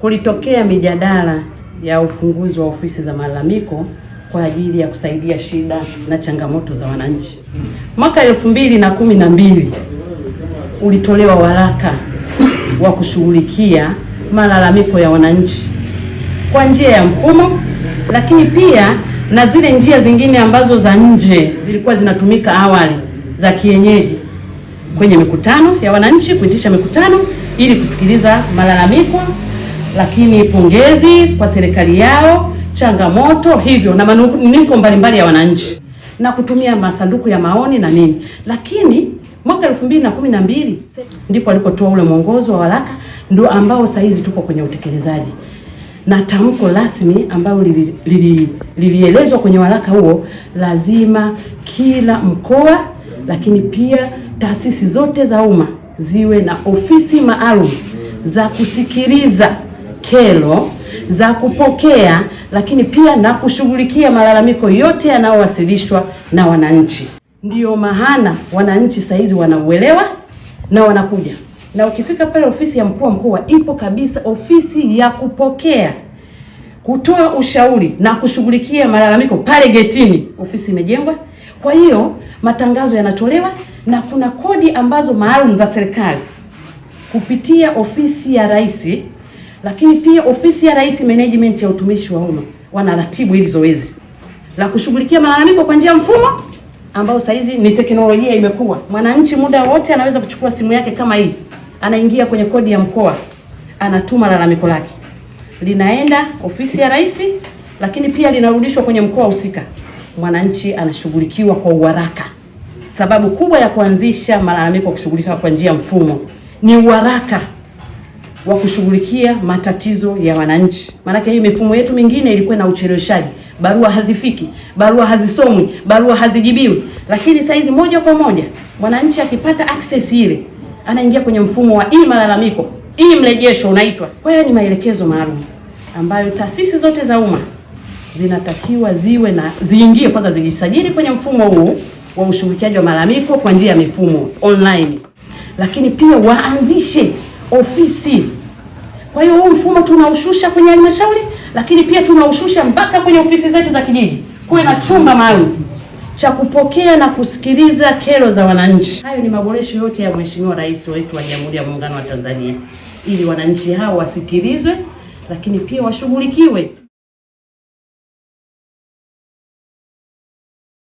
kulitokea mijadala ya ufunguzi wa ofisi za malalamiko kwa ajili ya kusaidia shida na changamoto za wananchi. Mwaka elfu mbili na kumi na mbili ulitolewa waraka wa kushughulikia malalamiko ya wananchi kwa njia ya mfumo, lakini pia na zile njia zingine ambazo za nje zilikuwa zinatumika awali za kienyeji, kwenye mikutano ya wananchi, kuitisha mikutano ili kusikiliza malalamiko lakini pongezi kwa serikali yao, changamoto hivyo na manuniko mbalimbali ya wananchi na kutumia masanduku ya maoni na nini, lakini mwaka 2012 ndipo alipotoa ule mwongozo wa waraka, ndio ambao saa hizi tuko kwenye utekelezaji na tamko rasmi ambalo lilielezwa li kwenye waraka huo, lazima kila mkoa lakini pia taasisi zote za umma ziwe na ofisi maalum za kusikiliza kero za kupokea, lakini pia na kushughulikia malalamiko yote yanayowasilishwa na wananchi. Ndiyo maana wananchi saizi wanauelewa na wanakuja, na ukifika pale ofisi ya mkuu wa mkoa ipo kabisa, ofisi ya kupokea kutoa ushauri na kushughulikia malalamiko pale getini, ofisi imejengwa. Kwa hiyo matangazo yanatolewa na kuna kodi ambazo maalum za serikali kupitia ofisi ya Rais lakini pia ofisi ya Rais Management ya utumishi wa umma wanaratibu hili zoezi la kushughulikia malalamiko kwa njia mfumo ambao saizi ni teknolojia imekuwa. Mwananchi muda wote anaweza kuchukua simu yake kama hii, anaingia kwenye kodi ya mkoa, anatuma lalamiko lake, linaenda ofisi ya Rais, lakini pia linarudishwa kwenye mkoa husika. Mwananchi anashughulikiwa kwa uharaka. Sababu kubwa ya kuanzisha malalamiko kushughulika kwa njia mfumo ni uharaka wa kushughulikia matatizo ya wananchi. Maanake hii mifumo yetu mingine ilikuwa na ucheleweshaji, barua hazifiki, barua hazisomwi, barua hazijibiwi, lakini saizi moja kwa moja mwananchi akipata access ile anaingia kwenye mfumo wa hii malalamiko hii mrejesho unaitwa. Kwa hiyo ni maelekezo maalum ambayo taasisi zote za umma zinatakiwa ziwe na ziingie kwanza, zijisajili kwenye mfumo huu wa ushughulikiaji wa malalamiko kwa njia ya mifumo online, lakini pia waanzishe ofisi kwa hiyo huu mfumo tunaushusha kwenye halmashauri, lakini pia tunaushusha mpaka kwenye ofisi zetu za kijiji, kuwe na chumba maalum cha kupokea na kusikiliza kero za wananchi. Hayo ni maboresho yote ya Mheshimiwa Rais wetu wa Jamhuri ya Muungano wa Tanzania, ili wananchi hao wasikilizwe, lakini pia washughulikiwe.